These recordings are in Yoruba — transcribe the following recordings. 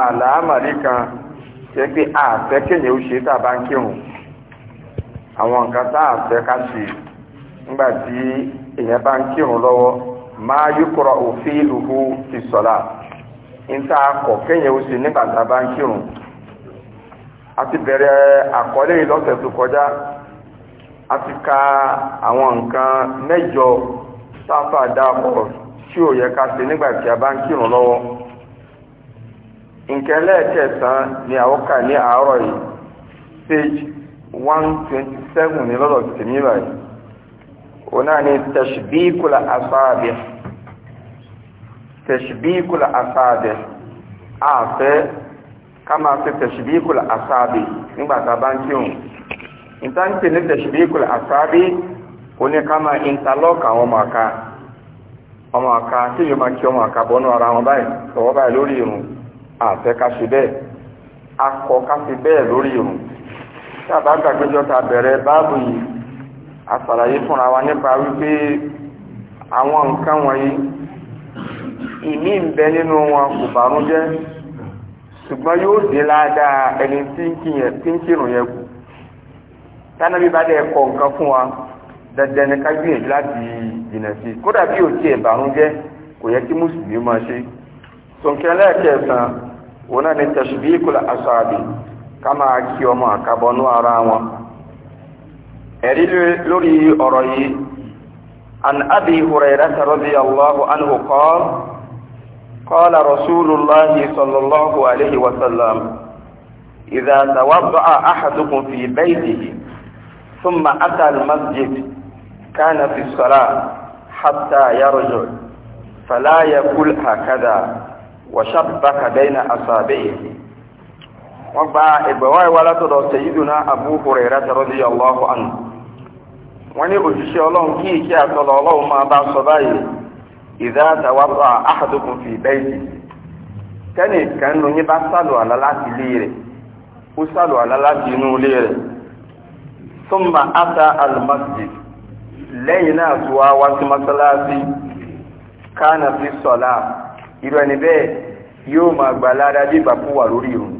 àlàámàrí kan ṣe pé àfẹ́ kéèyàn ó ṣe a ń kírun àwọn nǹkan tá àfẹ́ ká ṣe nígbà tí èèyàn bá ń kírun lọ́wọ́ máa òfin ìlúhu ti sọ̀la níta akọ̀ kéèyàn ó ṣe nígbà tá a ń kírun ti bẹ̀rẹ̀ àkọlé lọ́sẹ̀ tó a ti ka àwọn nǹkan mẹ́jọ sáfà dáàbọ̀ tí ò yẹ ká ṣe nígbà tí a nǹkan lẹ́ẹ̀kẹsàn-án ni àwọn ní àárọ̀ page one twenty seven lọ́dọ̀ tèmi báyìí òun náà ni àfẹ́ ká máa fi tashbikula asáàbẹ nígbà tá a bá ní tashbikula asáàbẹ ni ká máa interlock àwọn ọmọ àka ọmọ àka tí yóò máa kí ọmọ àka bọ́nú ara wọn báyìí báyìí àfẹ́ ká ṣe bẹ́ẹ̀ akọ ká ṣe bẹ́ẹ̀ lórí irun tí a bá gbàgbéjọ́ ta bẹ̀rẹ̀ báàbù yìí a ṣàlàyé fúnra wa nípa wípé àwọn nǹkan wọ̀nyí ìmí ń bẹ nínú wọn kò bàrún jẹ́ ṣùgbọ́n yóò dé ládàá ẹni tí ń kírun yẹn kù tánàbí bá dẹ̀ kọ nǹkan fún wa dandan ni ká gbìyànjú láti jìnnà sí kódà bí ò tiẹ̀ bàrún jẹ́ kò yẹ kí mùsùlùmí máa ṣe tòǹkẹ́lẹ́ kẹsàn-án wọn náà ní tashbikul asabi ká máa kí ọmọ àkàbọ̀nú ara wọn ẹ̀rí lórí ọ̀rọ̀ yìí an abi hurairah radiyallahu anhu qala qala rasulullah sallallahu alayhi wa sallam idha tawadda'a ahadukum fi baytihi ثم أتى المسجد كان في الصلاة حتى يرجع فلا يقول هكذا وشبك بين أصابعه وبا إبواي ولا تدو سيدنا أبو هريرة رضي الله عنه وني أجيش الله كي كي أصلى الله ما بعد صباي إذا توضع أحدكم في بيته كان كان يبا صلوا على لاتي ليري وصلوا على لاتي نوليري ثم أتى المسجد لينا سوا واسمسلاتي كان في الصلاة irú ẹni bẹ́ẹ̀ yóò máa gbà ládàá bí ìgbà fún wà lórí irun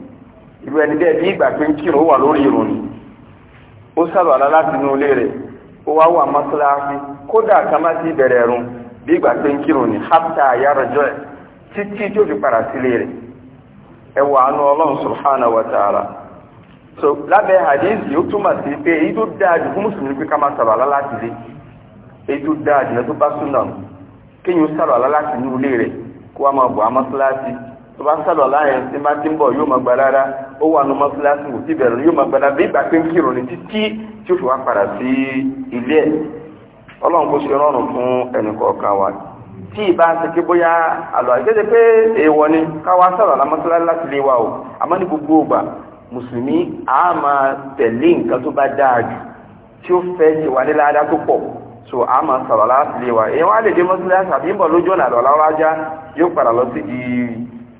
irú ẹni bẹ́ẹ̀ bí ìgbà pé kírun wà lórí irun ni ó sàlùwàlá láti inú ilé rẹ̀ ó wá wà mọ́sálásí kódà ká má ti bẹ̀rẹ̀ ẹ̀rùn bí ìgbà pé kírun ni hapta ayárọ̀jọ́ ẹ̀ títí tó fi padà sílé rẹ̀ ẹ wà ánú ọlọ́run subhanahu wa ta'ala so lábẹ́ hadithi ó túmọ̀ sí pé èyí tó dáa jù fún mùsùlùmí pé ká máa sàlùwàlá láti ilé èyí tó dáa jù náà tó bá súnà kéèyàn sàlùwàlá láti inú ilé rẹ̀ kó a máa bọ̀ á mọ́sálásí tó bá sálọ̀ láàyè tí bá ti ń bọ̀ yóò máa gba rárá ó wà nù mọ́sálásí kò sí bẹ̀rẹ̀ yóò máa gba rárá bí ìgbà pé ń kírun ní títí tí ó fi wá padà sí ilé ẹ̀ ọlọ́run kò ṣe rọrùn fún ẹnìkọ̀ọ̀kan wa tí ìbá ṣe kí bóyá àlọ́ àìkéde pé èèwọ̀ ni káwa sọ̀rọ̀ lámọ́sálásí láti lè wa o àmọ́ ní gbogbo ògbà mùsùlùmí a máa tẹ̀lé nǹkan tó bá dáa jù tí ó fẹ́ ṣe wà nílá adá tó pọ̀ so a máa sọ̀rọ̀ láti lè wà èèyàn lè dé mọ́sílẹ̀ àti ń bọ̀ lójú ọ̀nà àlọ́ láwájá yóò padà lọ sí di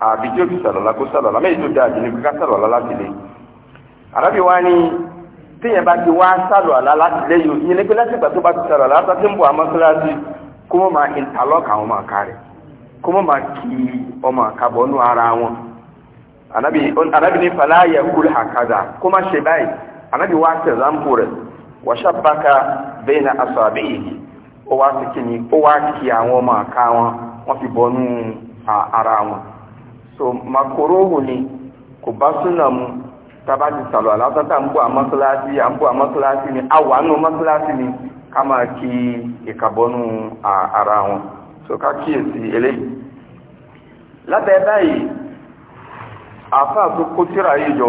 àbí tí ó fi sọ̀rọ̀ lákó sọ̀rọ̀ lámẹ́ ètò dáa jù ní kíká sọ̀rọ̀ lọ láti lè àrọ́bì wá ní yi bá ti wá àlá láti lè ní pé lẹ́sìn bá ti sọ̀rọ̀ látà tí ń bọ̀ kó máa kí ọmọ ara wọn bẹ́ẹ̀nà àṣàbẹ̀ èyí ó wá sí kíni ó wá kí àwọn ọmọ àká wọn wọ́n fi bọ́nú ara wọn so makorohu ni kò bá súnà mu tába ti sàlọ àlátátà ń bọ àmọ́síláàsì à ń ni àwà nù mọ́síláàsì ni ká máa kí ìkàbọ́nú ara wọn so ká kíyèsí eléyìí lábẹ́ báyìí tó kó tíra yìí jọ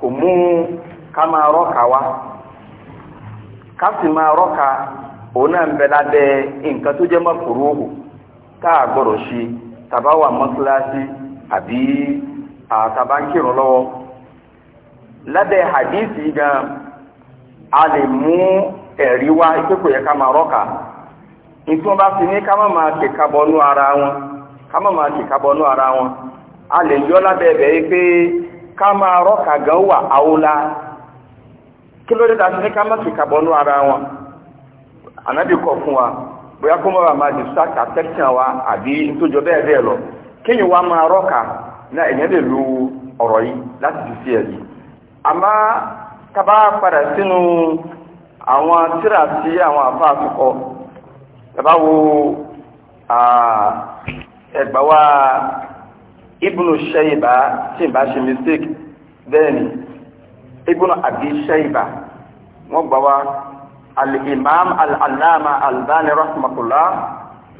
kò mú ká máa rọ́ka káfí máa rọ́ka òun náà ń bẹ lábẹ́ nǹkan tó jẹ́ mọ́kùrú òhù káà gbọ́dọ̀ ṣe tàbá wà mọ́síláṣí àbí àtàbá ń kírun lọ́wọ́ lábẹ́ a lè mú ẹ̀rí wá ya ka ma ká máa rọ́ka bá fi ní ká má máa kìka ara wọn a lè yọ lábẹ́ ẹ̀bẹ̀ efe pé ká máa rọ́ka gan wà kí ló dé ní ká ara wọn anabi kọ fún wa bóyá kó mọ́ra ma dìbò sáà kàtẹ́kìtàn wa àbí nítòjọ bẹ́ẹ̀ bẹ́ẹ̀ lọ kéèyàn wa máa náà èèyàn lè lu ọ̀rọ̀ yìí láti fi sí ẹ̀yìn àmọ́ padà sínú àwọn tíra àwọn àtúkọ wo ẹgbàá wa ibn abi shayba wọ́n gbà wá al-imam al-allama albani rahmatullah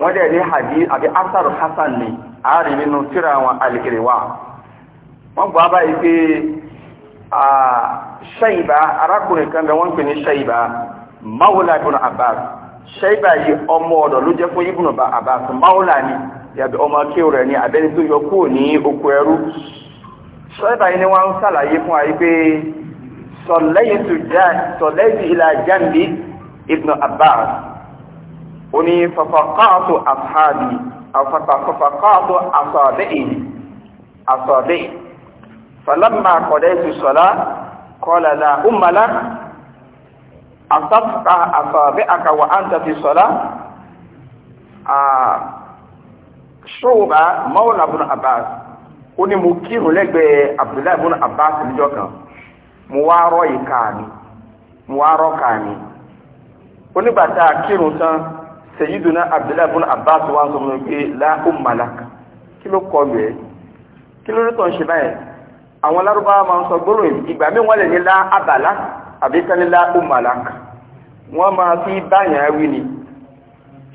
asar ni ààrì nínú tíra wọn al-irwa wọ́n gbà báyìí pé shayba arákùnrin kan bẹ wọ́n pè ní shayba mawla ibn abbas shayba yìí ọmọ ọ̀dọ̀ ló sọ̀lẹ́yìn ìlà jàǹdì ibn abbas ó ní fafakaato ashabi fafakaato asabẹ́yìn asabẹ́yìn falamma qadaytu sọ̀lá qala la ummala asafka asabi'aka wa anta fi sọ̀lá ṣùgbọ́n mawla ibn abbas ó ní mo kírun lẹ́gbẹ̀ẹ́ abdullahi ibn abbas níjọ́ kan mo wá rọ́ ìka mi mo wá rọ́ ka mi onígbàtà kírun tán Sayyiduna Abdullahi ibn Abbas wa sọ fún pé la umma lak kí ló kọ lu ẹ kí ló tó ń ṣe báyìí àwọn lárúbáwá máa ń sọ gbólóhùn ìgbà mi wọ́n lè ní la abala àbí kan ní la umma lak wọ́n máa fi báyàn wí ni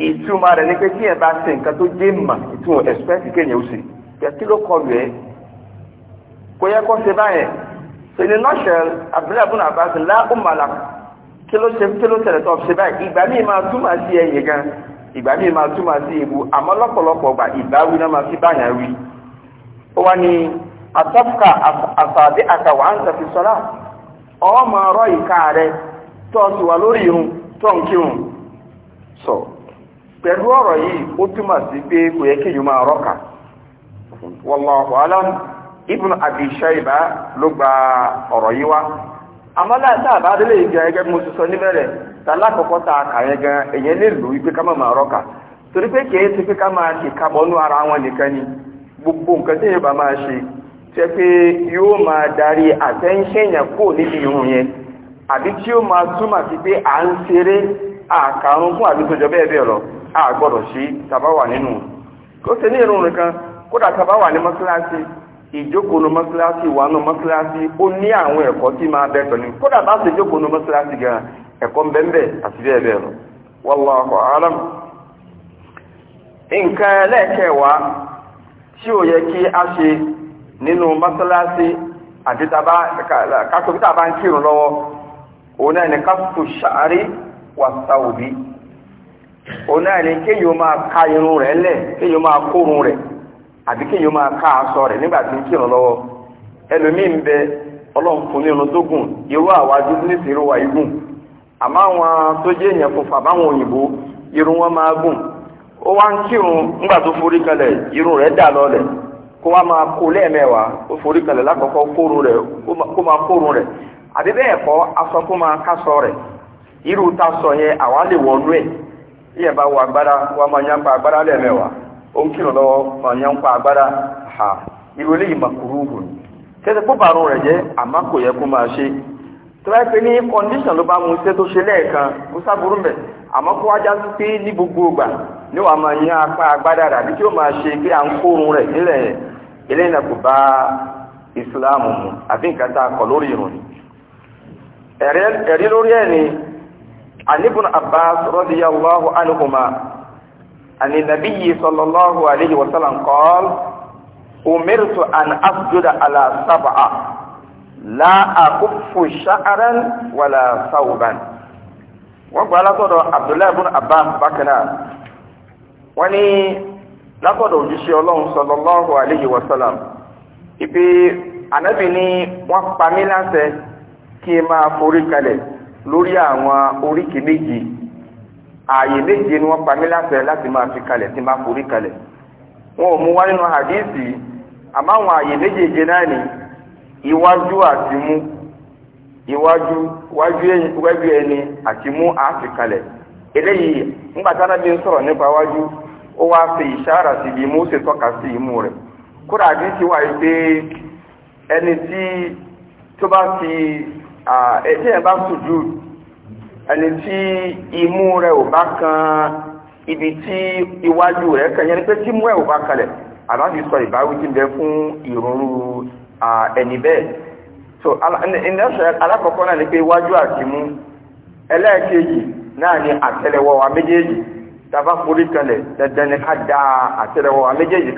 ìtumọ̀ rẹ̀ ní pé tí ẹ̀ bá ṣe nǹkan tó jẹ́ mà ìtumọ̀ ẹ̀sùpẹ́sì kéèyàn ó sì kí ló kọ lu ẹ kò yẹ kó ṣe báyìí so in a nutshell abdullahi ibn abbas la umala kí ló ṣe kí ló tẹ̀lé tó ṣe báyìí ìgbà míì máa túmọ̀ sí ẹ̀yìn gan ìgbà míì máa túmọ̀ sí ewu àmọ́ lọ́pọ̀lọpọ̀ gbà ìbáwí náà máa fi báyàn wí ó wá ní asọ́fúkà àfàdé àtàwọn àǹtà fi sọ́lá ọ́ máa rọ́ ìka rẹ tó ti wà lórí irun tó ń kírun sọ pẹ̀lú ọ̀rọ̀ yìí ó túmọ̀ sí pé kò yẹ kéèyàn máa rọ́kà wallahu alam ibùn àbí ṣáìbá ló gba ọ̀rọ̀ yìí wá àmọ́ láìsá àbá adélé ìgbà ẹgẹ́ mo ti sọ níbẹ̀rẹ̀ ta lákọ̀ọ́kọ́ ta àkàyẹ gan èyẹ lè lò wípé ká má máa rọ́kà torí pé kìí ti pé ká máa ṣe kábọ́nú ara wọn nìkan ni gbogbo nǹkan tí yóò bá máa ṣe tẹ́ pé yóò máa darí àtẹ́ńṣẹ́yàn kò níbi irun yẹn àbí tí ó máa túmọ̀ sí pé à ń ṣeré àkàrún fún àbí bẹ́ẹ̀ bẹ́ẹ̀ lọ a gbọ́dọ̀ tàbá wà nínú kó ṣe ní irun nìkan kódà tàbá wà ní mọ́sálásí ìjókòó nu mọ́sálásí wà nù mọ́sálásí ó ní àwọn ẹ̀kọ́ tí máa bẹ pẹ̀lú kódà bá ṣe jókòó mọ́sálásí gan ẹ̀kọ́ ńbẹ́ńbẹ́ àti bẹ́ẹ̀ bẹ́ẹ̀ lọ wallahu alam. nǹkan ẹlẹ́ẹ̀kẹwàá tí ò yẹ kí a ṣe nínú mọ́sálásí àti tàbá kásò ń kírun lọ́wọ́ òun náà ṣàárí ka irun rẹ̀ lẹ̀ àbí kéèyàn máa ká aṣọ rẹ̀ nígbà tí ń kírun lọ́wọ́ ẹlòmíín bẹ ọlọ́run fún ní tó gùn irú àwa irú wa yìí gùn àmọ́ àwọn tó jẹ́ èèyàn funfun àbáwọn òyìnbó irun wọn máa gùn ó wá ń kírun nígbà tó forí kalẹ̀ irun rẹ̀ dà lọlẹ̀ kó wá máa kó lẹ́ẹ̀mẹ́wàá ó forí kalẹ̀ kórun rẹ̀ kó máa kórun rẹ̀ àbí bẹ́ẹ̀ kọ́ aṣọ kó máa kásọ rẹ̀ irú ta sọ yẹn àwa lè ẹ̀ bá ó ń kírun lọ́wọ́ ha irú eléyìí màkúrúhù ni tẹ́tẹ́ kó bàrún rẹ̀ jẹ́ àmọ́ kò yẹ kó máa ṣe tó bá ní kọ́ndíṣàn ló bá mu tó ṣe lẹ́ẹ̀kan kó sábúrú mẹ́ àmọ́ kó wájá sí pé ní gbogbo ìgbà ní wàá máa yan apá agbára àbí ó máa ṣe pé à ń kórun eléyìí a عن النبي صلى الله عليه وسلم قال أمرت أن أسجد على سبعة لا أكف شعرا ولا ثوبا wọ́n gba látọ̀dọ̀ abdullahi ibn abbas bákanáà wọ́n ní látọ̀dọ̀ òjíṣẹ́ ọlọ́run sallallahu alayhi wa sallam ibi ànábì ní wọ́n pa mí láṣẹ kí n máa forí kalẹ̀ ààyè méje ni wọ́n pa mí láṣẹ láti máa fi kalẹ̀ tí máa forí kalẹ̀ wọn ò mú wá nínú hadisi àmọ́ àwọn ààyè méjèèje náà ni iwájú àti mú iwájú wájú ẹni àti mú eléyìí ńgbàtà náà bí ń sọ̀rọ̀ nípa wájú ó wá fi ìṣára sí ibi mú ṣe tọ́ka sí imú rẹ̀ kódà àdísí wà yí pé ẹni tí tó bá fi ẹ̀jẹ̀ bá ẹni tí imú rẹ̀ ò bá kan ibi tí iwájú rẹ̀ kan ni pé tí imú rẹ̀ ò bá kalẹ̀ àbáfi sọ ìbáwí tí ń bẹ fún ìrúnrú ẹni bẹ́ẹ̀ so alákọ̀ọ́kọ́ náà ni pé iwájú àti imú ẹlẹ́ẹ̀kejì náà ni àtẹ́lẹwọ́ wa méjèèjì tàbá forí kalẹ̀ dandan ni ká da àtẹ́lẹwọ́ wa méjèèjì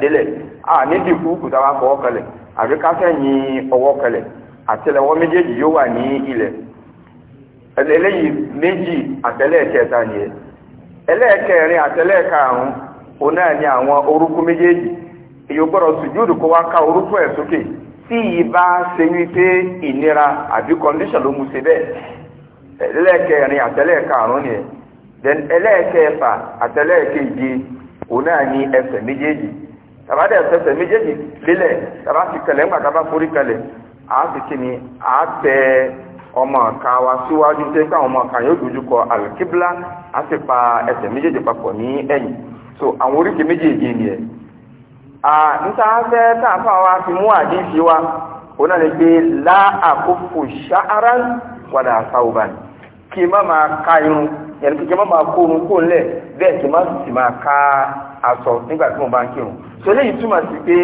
délẹ̀ ah níbi kúkú tàbá fọwọ́ kalẹ̀ àbí ká fẹ́ yin ọwọ́ kalẹ̀ àtẹ́lẹwọ́ méjèèjì yóò wà ní ilẹ̀ eléyìí méjì àtẹlẹ́ẹ̀kẹta ẹ. ẹlẹ́ẹ̀kẹrin àtẹlẹ́ẹ̀karùn-ún òun náà ni àwọn orúkú méjèèjì èyí gbọ́dọ̀ sùjúdù kó wá ká orúkú ẹ̀ sókè tí yìí bá ṣe wípé ìnira àbí kọ́ndíṣàn ló mú ṣe bẹ́ẹ̀ ẹlẹ́ẹ̀kẹrin àtẹlẹ́ẹ̀karùn-ún ẹlẹ́ẹ̀kẹfà òun náà ni ẹsẹ̀ méjèèjì ẹsẹ̀ méjèèjì lílẹ̀ tàbá ti ńgbà forí àá kí ni àá tẹ ọmọ ọ̀ka wa síwájú tẹ́ káwọn ọmọ yóò dojú kọ alkibla a sì pa ẹsẹ̀ méjèèjì papọ̀ ní ẹ̀yìn so àwọn méjèèjì ni ẹ̀ níta fẹ́ tààfà wa fi mú àdífi wa ó náà lè gbé láàkófò ṣáárá wàdà àsáwòbá ni kí má máa ka irun yẹn kí má máa kó kó ńlẹ̀ bẹ́ẹ̀ kí má sì máa ka aṣọ nígbà tí mo bá ń kírun so túmọ̀ sí pé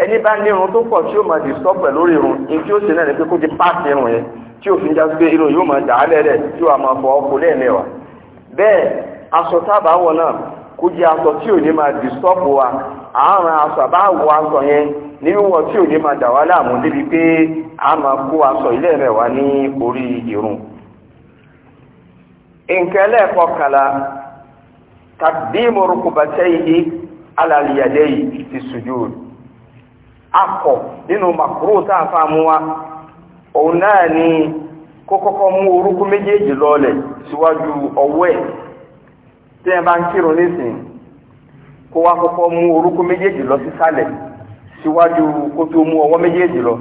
ẹni bá ní irun tó pọ̀ tí ó máa disturb pẹ̀ lórí irun ní tí ó ṣe náà ní pé kó ti páàkì irun yẹn tí òfin já gbé irun yóò máa dà á lẹ́rẹ̀ tí wàá máa fọ ọkọ lẹ́ẹ̀mẹ́wàá bẹ́ẹ̀ aṣọ tábà wọ̀ náà kó jẹ́ aṣọ tí ò ní máa disturb wa àárọ̀ aṣọ àbá wọ aṣọ yẹn ní wíwọ̀ tí ò ní máa dà wá láàmú débi pé a máa kó aṣọ ilẹ́ẹ̀mẹ́wàá ní orí irun. nǹkan ẹlẹ́ẹ̀kọkànlá tàbí mo rúkú bàtẹ́ yìí alàlìyàdẹ́ yìí ti sùjúdù akọ̀ nínú makuru tá a fa mú wa òun náà ni kó kọ́kọ́ mú orúkú méjèèjì lọ́ọ̀lẹ̀ síwájú ọwọ́ ẹ̀ tí ẹ bá ń kírun nísìn kó wá kọ́kọ́ mú orúkú méjèèjì lọ sísàlẹ̀ síwájú kó tó mú ọwọ́ méjèèjì lọ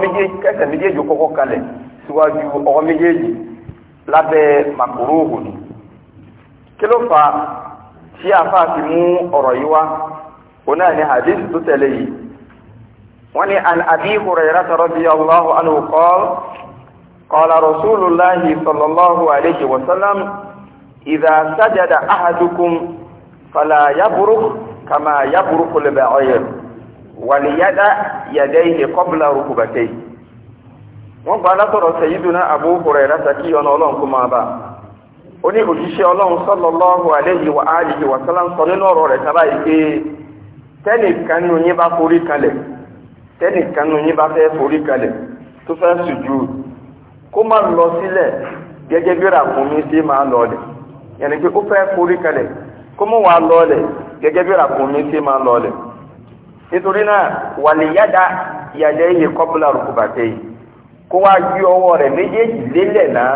pé kẹsẹ̀ méjèèjì kọ́kọ́ kalẹ̀ síwájú ọwọ́ méjèèjì lábẹ́ makuru òhùn kí ló tí fa fi mú ọ̀rọ̀ yìí wá òun náà ni hadith tó وني عن أبي هريرة رضي الله عنه قال قال رسول الله صلى الله عليه وسلم إذا سجد أحدكم فلا يبرك كما يبرك البعير وليدع يديه قبل ركبتيه wọ́n gba látọ̀rọ̀ Sayyiduna Abu Hurairah sàkí ọ̀nà ọlọ́run kó máa bá ó ní òṣìṣẹ́ ọlọ́run sallallahu alayhi wa alihi wa sallam sọ nínú ọ̀rọ̀ rẹ̀ sábà yìí pé tẹ́nìkan nínú yín forí kalẹ̀ tẹ́nìkan nù yín bá fẹ́ forí kalẹ̀ tó fẹ́ sùjú kó má lọ sílẹ̀ gẹ́gẹ́ bí máa lọ lẹ̀ pé ó fẹ́ forí kalẹ̀ kó mọ̀ wá lọ lẹ̀ gẹ́gẹ́ bí ràkúnmí ṣe máa lọ lẹ̀ nítorí náà wàlíyàdá ìyàjẹ́ yìí kọ́pùlà rùkùbàtẹ́ yìí kó wá ju ọwọ́ rẹ̀ méjèèjì lélẹ̀ náà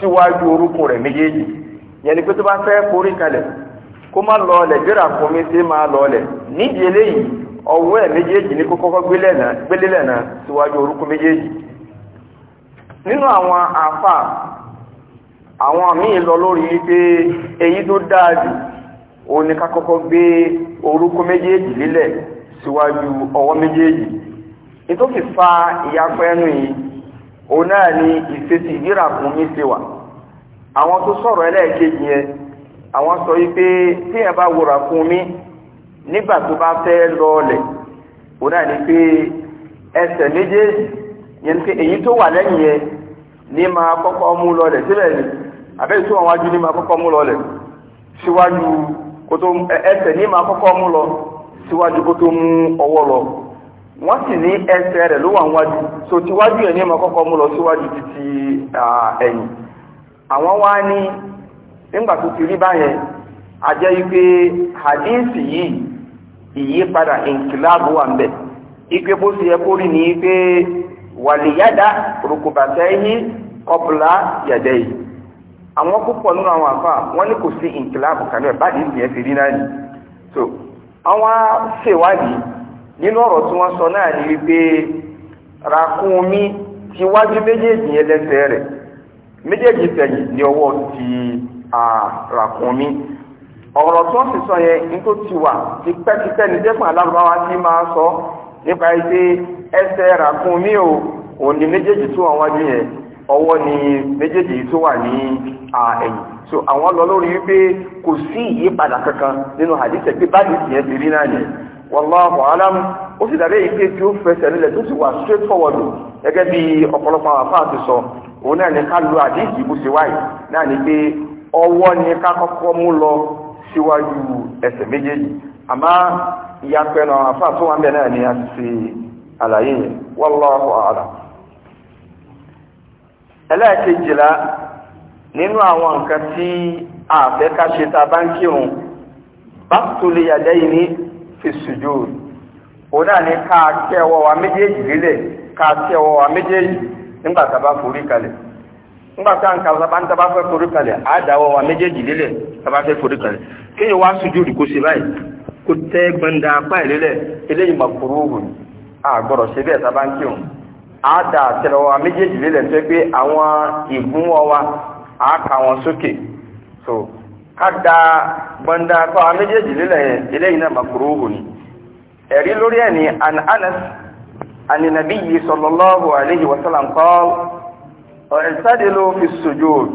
síwájú rẹ̀ méjèèjì pé tó bá fẹ́ forí ọwọ́ ẹ̀ méjèèjì ní kókó gbélé lẹ́nà síwájú méjèèjì nínú àwọn àfà àwọn míì lọ lórí pé èyí tó dáadì o ní ká gbé orúkún méjèèjì lílẹ̀ síwájú ọwọ́ méjèèjì fa ìyapẹ́ ẹnu yìí o náà ni ìfèsì fún mi ti wà àwọn tó sọ̀rọ̀ ẹlẹ́ẹ̀kejì yẹn sọ wípé bá wòrà fún mi nígbà tó bá fẹ́ lọọlẹ̀ ó náà ní pé ẹsẹ̀ méjèèjì yẹn pé èyí tó wà lẹ́yìn ni ma tó wà wájú ní máa kọ́kọ́ mú lọọlẹ̀ síwájú kó tó ẹsẹ̀ ní kọ́kọ́ mú lọ síwájú kó tó mú ọwọ́ lọ wọ́n sì ní ẹsẹ̀ rẹ̀ ló wà wájú so tiwájú yẹn ní kọ́kọ́ mú lọ síwájú títí ẹ̀yìn àwọn wá ní nígbà tó ti rí báyẹn ìyípadà ìnkìláàbù wà ń bẹ̀ ipe bó ṣe yẹ rí ni pé wàlíyàdá rukubàtà yìí kọbùlà yàdá yìí àwọn púpọ̀ nínú àwọn àfà wọ́n ní kò sí ìnkìláàbù kan náà báyìí nìyẹn fi rí náà ni so àwọn ṣèwádìí nínú ọ̀rọ̀ tí wọ́n sọ náà ni wípé ràkúnmí ti wájú méjèèjì yẹn lẹ́sẹ̀ rẹ̀ méjèèjì tẹ̀yìn ní ọwọ́ ti ràkúnmí. ọ̀rọ̀ tó ń ti sọ yẹn ní tó ti wà tipẹ́tipẹ́ ní sọ nípa ẹsẹ ẹsẹ̀ ràkún mi ò òun ni méjèèjì tó àwọn wájú yẹn ni méjèèjì tó wà ní ẹ̀yìn so àwọn lọ lórí wípé kò kankan nínú àdìsẹ́ pé báyìí yẹn ti rí náà yẹn ó sì dàbí èyí pé tí ó fẹsẹ̀ nílẹ̀ tó sì wà straight forward gẹ́gẹ́ bí ọ̀pọ̀lọpọ̀ síwájú ẹsẹ̀ méjèèjì wa a ti fi àlàyé yẹn wallahu a'lam ẹlẹ́ẹ̀kejìlá nínú àwọn nǹkan tí a ká ṣe ta bá ń kírun báṣtúlé yàdẹ́yìn ní fi sujud òun náà ni ká kẹ́ ọwọ́ wa méjèèjì lílẹ̀ ká kẹ́ ọwọ́ wa méjèèjì nígbà ńgbàtà nǹkan ọ̀sán bá bá fẹ́ forí kalẹ̀ àádáwọ̀ wa méjèèjì lélẹ̀ tàbá fẹ́ forí kalẹ̀ kéèyàn wá sójú ìdíkó sí báyìí kó tẹ́ gbẹ̀ndà apá ìlélẹ̀ eléyìí mà kúrú òhùn àgbọ̀rọ̀ ṣe bẹ́ẹ̀ tàbá ń kírun àádá àtẹ̀rẹ̀ wa méjèèjì lélẹ̀ tó pé àwọn ìgún wa àáka wọn sókè so ká da gbẹ̀ndà apá wa méjèèjì lélẹ̀ eléyìí náà mà kúrú òhùn ẹ̀rí lórí ẹ̀ ní an ọ̀ẹ́sádìlú fi sujud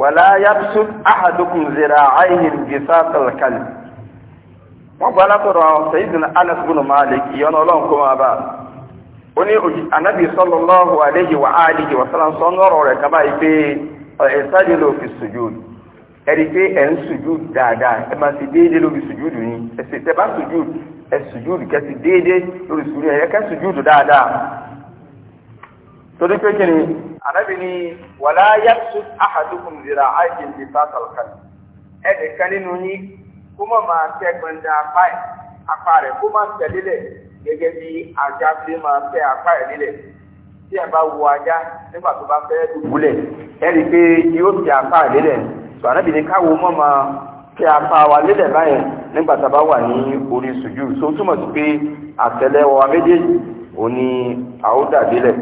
wàlá yàtú àhàdùkùn zira àìhìn gisa kalkali wọ́n gba látọ̀rọ̀ sayidun anas bin malik ìyọ́nà ọlọ́run kó máa bá ó ní anabi sallallahu alayhi wa alihi wa sallam sọ nọ́rọ̀ rẹ̀ kaba ipe ọ̀ẹ́sádìlú fi sujud ẹ̀rí pé ẹ̀ ń sujud dáadáa ẹ máa ti déédéé lórí sujud ni ẹ̀sìn tẹ́ bá sujud ẹ̀ sujud kẹ́sì déédéé lórí sujud ẹ̀yẹ kẹ́sì sujud dáadáa torí pé kí ni anabi ni wala yaksu ahadukum zira'atin bi fasal kan ẹni kan nínú yín kó má máa tẹ gbẹndẹ apá ẹ apá rẹ̀ kó má tẹ lílẹ̀ gẹ́gẹ́ bí ajá fi máa tẹ apá ẹ lílẹ̀ tí ẹ bá wo ajá nígbà tó bá fẹ́ dùbúlẹ̀ ẹni pé yóò tẹ apá ẹ lílẹ̀ tó anabi ni káwo má máa tẹ apá wa lílẹ̀ báyẹn nígbà tá a bá wà ní orí sùjú tó túmọ̀ sí pé àtẹ́lẹwọ́ méjèèjì òní àódà délẹ̀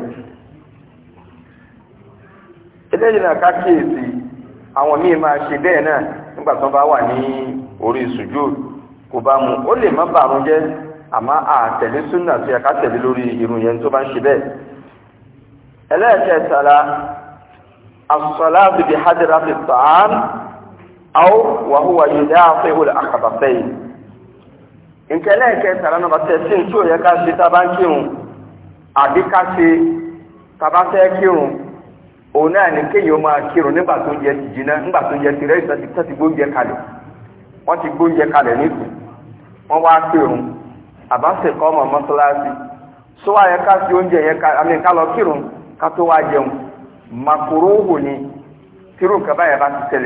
eléyìí náà kákíyèsí àwọn míì máa ṣe bẹ́ẹ̀ náà nígbà tó bá wà ní orí sùjú kò bá mu ó lè má bàrún jẹ́ àmọ́ àtẹ̀lé súnà tó yẹ ká tẹ̀lé lórí irun yẹn tó bá ń ṣe bẹ́ẹ̀ ẹlẹ́ẹ̀kẹtàlá as-salatu bi hadrati at-ta'am aw wa huwa yudafi'u al-akhbathayn nkẹlẹ kẹtàlá nọba tẹsí tí ò yẹ ká ṣe tá a bá ń kírun àbí ká ṣe tá a bá fẹ́ kírun òun náà ní kéèyàn máa kírun nígbà tó yẹ ti jiná nígbà tó yẹ ti rẹ ti gbóúnjẹ kalẹ̀ wọn ti gbóúnjẹ kalẹ̀ nìkú wọ́n wá kírun àbáṣe kọ́ ọmọ mọ́ṣáláṣí sọ wá ká sí oúnjẹ yẹn ká àmì ká lọ kírun ká tó wá jẹun ni kírun kaba yẹn bá ti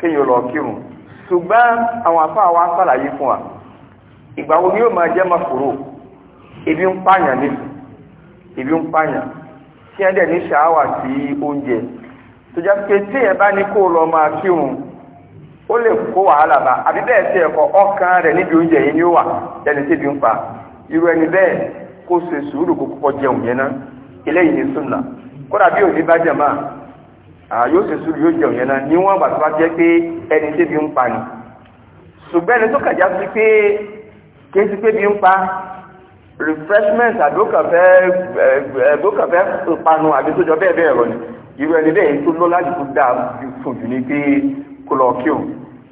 kéèyàn lọ kírun àwọn wa sàlàyé fún wa ìgbà wo ni yóò máa màkúrú ń pààyàn ń pààyàn tí ẹ dẹ̀ ní ṣàáwà sí oúnjẹ tòjá pé tí ẹ bá ní kó lọ máa kírun ó lè kó wàhálà bá àbí bẹ́ẹ̀ tí ẹ̀kọ́ ọkàn rẹ̀ níbi oúnjẹ yìí wà tí ebi ń pa irú ẹni bẹ́ẹ̀ kó ṣe sùúrù kó kọ́kọ́ jẹun yẹn ná eléyìí ní súnà kódà bí òní bá jẹ̀ máa yóò ṣe sùúrù yóò jẹun yẹn ná ebi ń ni tó kàjá sí pé refreshment àdókànfẹ́ ẹ̀ẹ́dókànfẹ́ ìpanu àbí tó jọ bẹ́ẹ̀ bẹ́ẹ̀ rọ ni irú ẹni bẹ́ẹ̀ tó lọ́lá jù tó dáa fún jù ní pé kó lọ kí o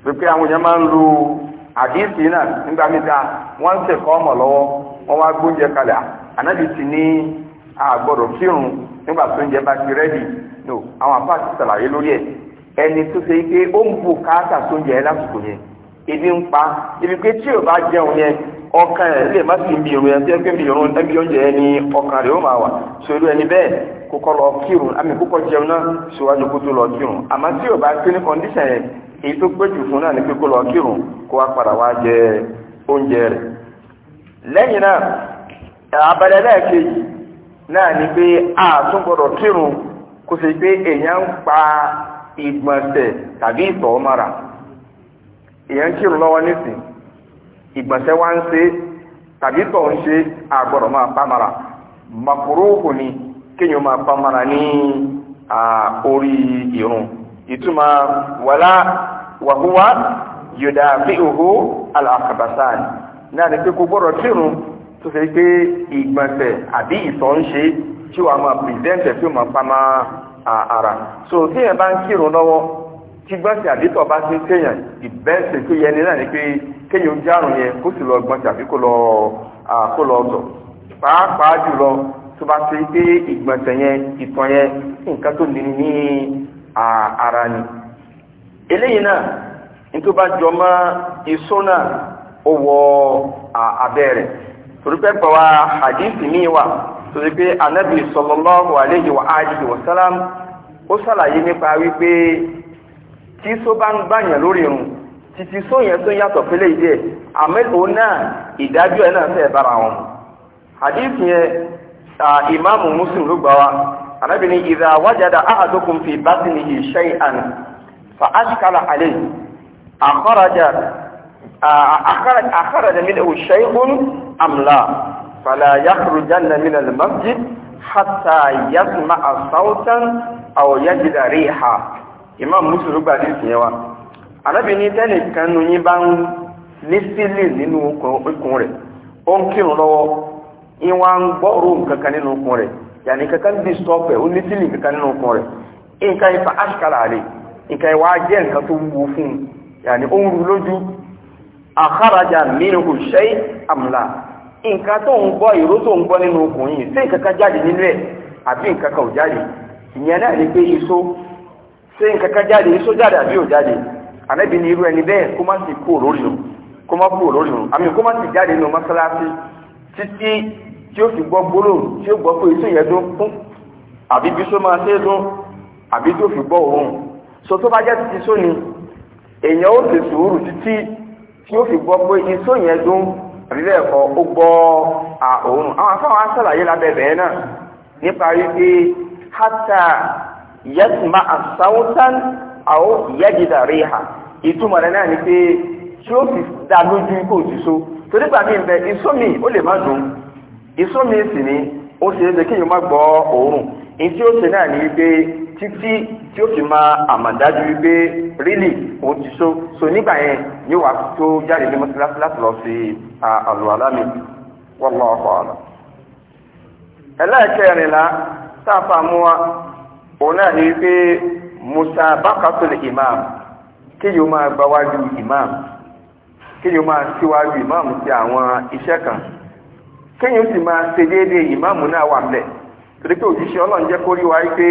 pépé àwọn èèyàn máa ń lo àdíìsì náà nígbà mẹ́ta wọ́n ń sẹ̀kọ́ ọmọ lọ́wọ́ wọ́n wá gbóúnjẹ kalẹ̀ ànábì ti ní àgbọ̀dọ̀ kírun nígbà tó ń jẹ bá ti rẹ́dì no àwọn àpá ti sàlàyé lórí ẹ̀ ẹni tó ṣe pé ó ń bù káàtà tó ń jẹ lásìkò yẹn ebi ń pa ebi pé tí ò bá jẹun yẹn ọka ẹ̀ lè má sí ibi ìrun ya ẹ pé mi ìrun ẹbí oúnjẹ ẹ ó máa wà so ẹni bẹ́ẹ̀ kókó lọ kírun àmì kókó jẹun náà síwájú kó tó lọ kírun àmọ́ tí ò bá pé ní yẹn èyí tó pé jù fún náà ni pé kó lọ kírun kó wá padà wá jẹ oúnjẹ lẹ́yìn a tún gbọdọ̀ kírun kó pé èèyàn ń pa ìgbọ̀nsẹ̀ mara èèyàn kírun ìgbọ̀nsẹ̀ wá ń ṣe tàbí tọ̀ ń ṣe àgbọ̀rọ̀ máa pamara makuruhu ni kéèyàn máa pamara ní orí irun ìtumọ̀ wàlá wàhúwa yòdà fi òhó alàkàbàsán náà ni pé kò gbọ́dọ̀ tìrun tó ṣe pé ìgbọ̀nsẹ̀ àbí ìtọ̀ ń ṣe tí wàá máa pìrìsẹ́ǹtẹ̀ tí ó máa pamá ara so tí yẹn bá ń kírun lọ́wọ́ tí gbọ̀nsẹ̀ àbí tọ̀ bá ti ń tẹ̀yàn ìbẹ́sẹ̀ tó yẹ náà ni pé kéèyàn járùn yẹn kó sì lọ gbọ́n tàbí kó lọ kó lọ tọ̀ pàápàá jùlọ tó bá ṣe pé ìgbọ̀nsẹ̀ yẹn ìtàn yẹn nǹkan tó lè ní ara ni. eléyìí náà nítorí bá jọ mọ́ iṣó náà ó wọ abẹ́ rẹ̀ torí pé pọ̀ wá hadith mi wà torí pé anabi sallallahu alayhi wa alihi wa sallam ó ṣàlàyé nípa wípé tí iṣó bá ń gbàyàn lórí irun títí sóyìn tó yàtọ̀ pélé yìí dẹ̀ àmẹ́lò náà ìdájọ́ ẹ̀ náà fẹ́ bára wọn. hadith yẹn ìmáàmù muslim ló gbà wá ànábì ní idha wajada ahadukum fi batnihi shay'an fa ashkala alayhi akhraja akhraja minhu shay'un am la fala yakhrujanna min al-masjid hatta yasma'a sawtan aw yajida riha ìmáàmù muslim ló gbà hadith yẹn wá. ànábì ní tẹ́nìkan nu yín bá ń ní sílì nínú ikùn rẹ̀ ó ń kírun lọ́wọ́ yín ń gbọ́rò kankan nínú ikùn rẹ̀ yàní kankan bí stọ́pẹ̀ ó ní sílì kankan nínú ikùn rẹ̀ nǹkan ifá aṣkara rẹ̀ nǹkan ìwà jẹ́ nǹkan tó wúwo fún yàní ó ń ru lójú àkàràjà mìíràn kò ṣe t'o nǹkan tó ń gbọ́ ìró tó ń gbọ́ nínú ikùn yìí sí jáde nínú ẹ̀ àbí nǹkan kan ò jáde ìyẹn náà ni pé iṣó sí nǹkan jáde iṣó jáde àbí ò ànábì ní irú ẹni bẹ́ẹ̀ kó má sì kú lórí o kó má kú lórí o àmì kó má sì jáde nínú mọ́sálásí títí tí ó fi gbọ́ gbóló tí ó gbọ́ pé iṣu yẹn dún fún àbí bí só máa ṣe é dún àbí tó fi gbọ́ òun so tó bá jẹ́ títí só ni èèyàn ó sì sùúrù títí tí ó fi gbọ́ pé iṣu yẹn dún àbí bẹ́ẹ̀ kọ́ ó gbọ́ òun àwọn afáwọn aṣàlàyé lábẹ́ bẹ́ẹ̀ náà nípa wípé hátà yẹtùmá àṣàwùtán àwọn yẹ́dìdà rí ha ìtumọ̀ rẹ̀ náà ni pé tí ó fi dá lójú kó o ti so torí gbà mí bẹ iṣó mi ó lè má dùn iṣó mi sì ni ó ṣe é ṣe kí èèyàn má gbọ́ òórùn èyí tí ó ṣe náà ni wípé títí tí ó fi máa àmàdájú wípé rírì òun so nígbà yẹn yóò wá tó jáde ní mọ́tíláṣí láti lọ sí àlọ́ alámi wọ́n lọ́ ọ̀pọ̀ ẹlẹ́ẹ̀kẹrìnlá táàpà mú wa òun náà ni wípé musa bákàtúlì imam kéèyàn máa gbáwájú imam kéèyàn máa síwájú imam sí àwọn iṣẹ́ kan kéèyàn sì máa ṣe déédéé imam náà wà nílẹ̀ torí pé òjíṣẹ́ ọlọ́run jẹ́ kó wa pé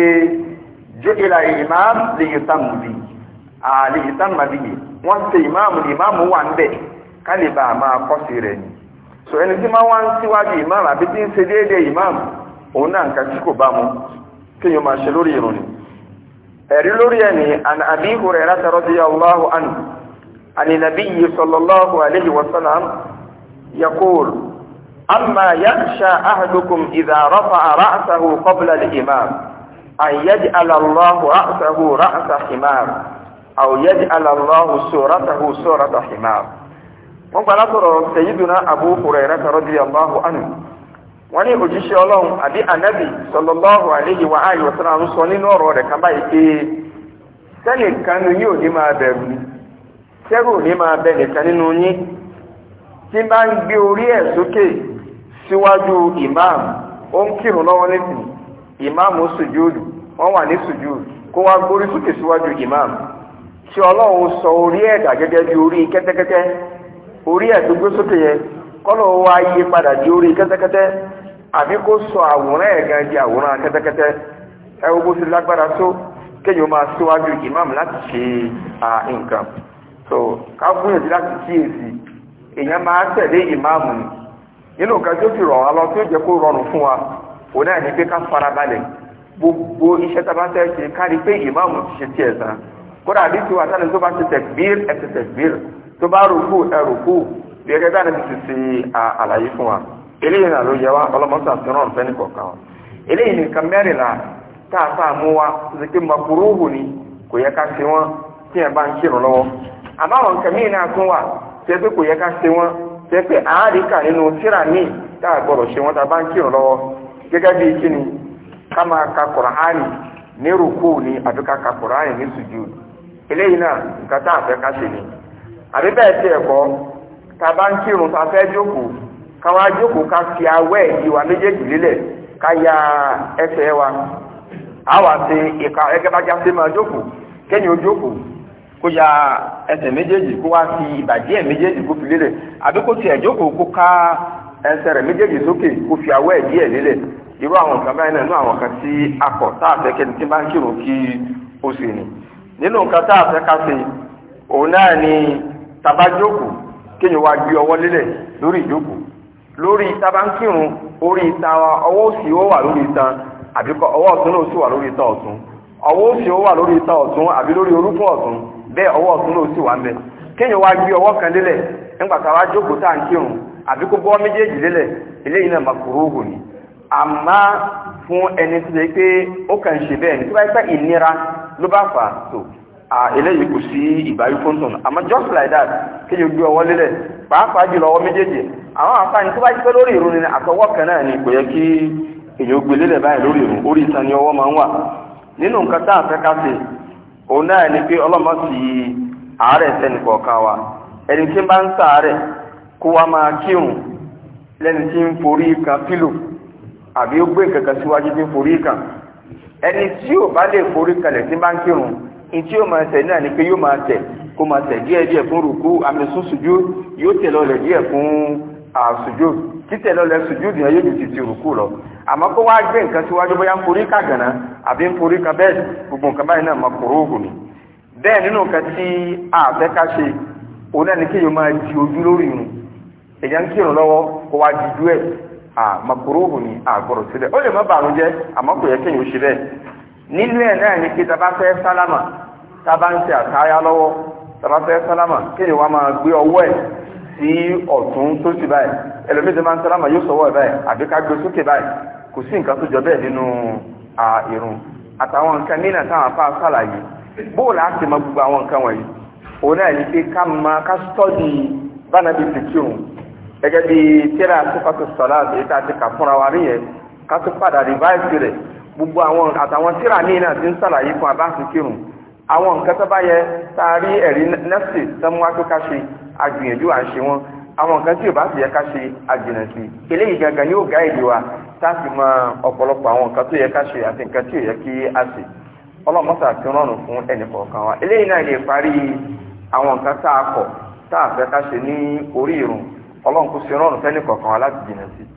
jẹ́ ìlà imam lè yẹ sáàmù bí àlè yẹ sáàmù àbí yẹ wọ́n ṣe imam ní imam wà níbẹ̀ ká lè bá máa kọ́ sí rẹ̀ ni so ẹni tí máa wá síwájú imam àbí tí ń ṣe déédéé imam òun náà nǹkan tí kò bá mu kéèyàn máa ṣe lórí ìròyìn ẹ̀rí lórí ẹni àni Abi Hurairah radiyallahu anhu àni nabiyyi sallallahu alayhi wa sallam yaqul amma yakhsha ahadukum idha rafa'a ra'sahu qabla al-imam an yaj'ala Allahu ra'sahu ra'sa himar aw yaj'ala Allahu suratahu surata himar wọ́n gbà látọ̀rọ̀ sayyiduna Abu Hurairah radiyallahu anhu wọ́n ní òjíṣẹ́ ọlọ́run àbí ànábì sallallahu alayhi wa alihi wa sallam sọ nínú ọ̀rọ̀ rẹ̀ kan báyìí pé sẹ́nìkan nu yóò ní máa bẹ̀rù ni sẹ́rù ní máa bẹ nìkan nínú yín tí bá ń gbé orí ẹ̀ sókè síwájú imam ó ń kírun lọ́wọ́ imam ó sùjúdù wọ́n wà ní sùjúdù kó wá gbórí imam tí sọ orí ẹ̀dà gẹ́gẹ́ bí orí kẹ́tẹ́kẹ́tẹ́ orí ẹ̀ tó gbé sókè yẹn wá yí àbí kó sọ àwòrán ẹ̀ gan di àwòrán kẹ́tẹ́kẹ́tẹ́ ẹ wo bó ti lágbára tó kéèyàn máa síwájú ìmáàmù láti ṣe nǹkan so ká gbìyànjú láti kíyèsí èèyàn máa tẹ̀lé ìmáàmù nínú nǹkan tó ti rọ̀ wá lọ tó jẹ́ kó rọrùn fún wa òun náà ní pé ká farabalẹ̀ gbogbo iṣẹ́ tá a bá fẹ́ ṣe ká rí pé ìmáàmù ti ṣe tiẹ̀ sàn kódà bí tiwa táni tó bá ti tẹ̀gbìr ẹ̀sẹ̀ tẹ̀gbìr tó bá rògbò ẹ̀rògbò bí ẹgbẹ́ bá ní ti ṣe àlàyé fún wa. eléyìí náà ló ọlọmọta wá ọlọ́mọsà ní kọ̀ọ̀kan eléyìí la tá wa zèké makuruhu ni kò yẹ ká se wọn tí bá ń kírun lọ́wọ́ àmọ́ àwọn náà tún wà tẹ́ pé kò yẹ ká wọn pé a gbọ́dọ̀ ṣe wọn tá a bá ń kírun bíi kí ni ká máa ka kùránì ní ni àbí ká ka ní sùjú eléyìí náà nǹkan ká ni àbí bẹ́ẹ̀ tiẹ̀ kọ́ tá káwa jókòó ká fi awẹ́ ìdí méjèèjì lélẹ̀ ká ya ẹsẹ̀ wa a wà sí ìka ẹgẹ́ bá jáde máa jókòó kẹ́yìn ó jókòó kó ya ẹsẹ̀ méjèèjì kó wá fi ìbàdí ẹ̀ méjèèjì kó fi lélẹ̀ àbí kó tiẹ̀ jókòó kó ká ẹsẹ̀ rẹ̀ méjèèjì sókè kó fi awẹ́ ìdí ẹ̀ lélẹ̀ irú àwọn nǹkan báyìí náà nínú àwọn nǹkan tí a kọ̀ tá a fẹ́ kẹ́ni tí bá ń kírun kí ó sì ní nínú nǹkan tá a fẹ́ ká ṣe òun náà ni tabajókòó kéèyàn wá gbé ọwọ́ lélẹ̀ lórí ìjókòó lórí tabankirun orí ìta ọwọ́ òsì ó wà lórí ìta àbí ọwọ́ ọ̀tún náà sì wà lórí ìta ọ̀tún ọwọ́ òsì ó wà lórí ìta ọ̀tún àbí lórí orúkún ọ̀tún bẹ́ẹ̀ ọwọ́ ọ̀tún sì wà ń kéèyàn wá gbé ọwọ́ kan lélẹ̀ nígbà tá a wá fún ẹni tó pé bẹ́ẹ̀ ní ìnira ló bá fà Ah, eléyìí kò sí ìbáyú fóńtòn àmọ́ just like that kéèyàn gbé ọwọ́ lélẹ̀ pàápàá jùlọ ọwọ́ méjèèjì àwọn àǹfààní tó bá jẹ́ lórí ìrun ni àtọwọ́ kan náà ni kò yẹ kí èyàn gbé lélẹ̀ báyìí lórí ìrun orí ìtàn ni ọwọ́ máa ń wà nínú nǹkan tá à ń ká ṣe òun náà ni pé ọlọ́mọ sì wa ẹni tí ń bá ń sàárẹ̀ kó wa máa kírun lẹ́ni tí ń forí kan pílò àbí ó gbé nǹkan kan síwájú tí ń forí kan ẹni tí ò bá lè forí kalẹ̀ tí ń bá ń kírun ntí yóò máa tẹ̀ náà ni pé yóò máa tẹ̀ kó máa tẹ̀ díẹ̀ díẹ̀ fún rúkú àmísún sùjú yóò tẹ̀ lọ́lẹ̀ díẹ̀ fún àsùjú títẹ̀ lọ́lẹ̀ sùjú dìnyẹn yóò ju ti ti rúkú lọ àmọ́ kó wá gbé nǹkan síwájú bóyá ń forí kàgànà àbí ń forí kan bẹ́ẹ̀ gbogbo nǹkan báyìí náà máa kóró ògùn ni bẹ́ẹ̀ nínú nǹkan tí àfẹ́ ni di ojú lórí irun èèyàn ń kírun lọ́wọ́ kó di dú ẹ̀ àmọ́ kóró a ni si sílẹ̀ O lè ma bàrún jẹ́ àmọ́ kò yẹ kéèyàn ó ṣe nínú ẹ̀ náà ní pé tàbá fẹ́ sálámà tàbá ń ṣe àtáyá lọ́wọ́ tàbá fẹ́ sálámà kéde wa máa gbé ọwọ́ ẹ̀ sí ọ̀tún tó sì báyìí ẹlòmíì tó máa ń sálámà yóò sọ̀wọ́ ẹ̀ báyìí àbí ká gbé sókè báyìí kò sí nǹkan tó jọ bẹ́ẹ̀ nínú irun àtàwọn nǹkan mìíràn táwọn afá sàlàyé bóòlù á sì gbogbo àwọn nǹkan wọ̀nyí òun náà ní pé ká máa ká sọ́ọ̀dì bánàbí gẹ́gẹ́ bí tíra sípàtò sọ̀lá àti ìta àti kà wa rí ká tó padà rìváìsì rẹ̀ gbogbo àwọn àtàwọn tíra míì ti ń sàlàyé fún abáàsì kírun àwọn nǹkan tó bá yẹ rí ẹ̀rí nẹ́sì tán wá tó ká ṣe àgbìyànjú à ń ṣe wọn àwọn nǹkan tí sì yẹ ká ṣe àjìnà sí eléyìí gangan yóò gá èdè wa tá a sì mọ ọ̀pọ̀lọpọ̀ àwọn nǹkan tó yẹ ká ṣe àti nǹkan tí ò yẹ kí a ṣe ọlọ́mọ́sà ti rọrùn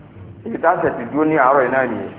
ibi tá a ti dúró ní àárọ̀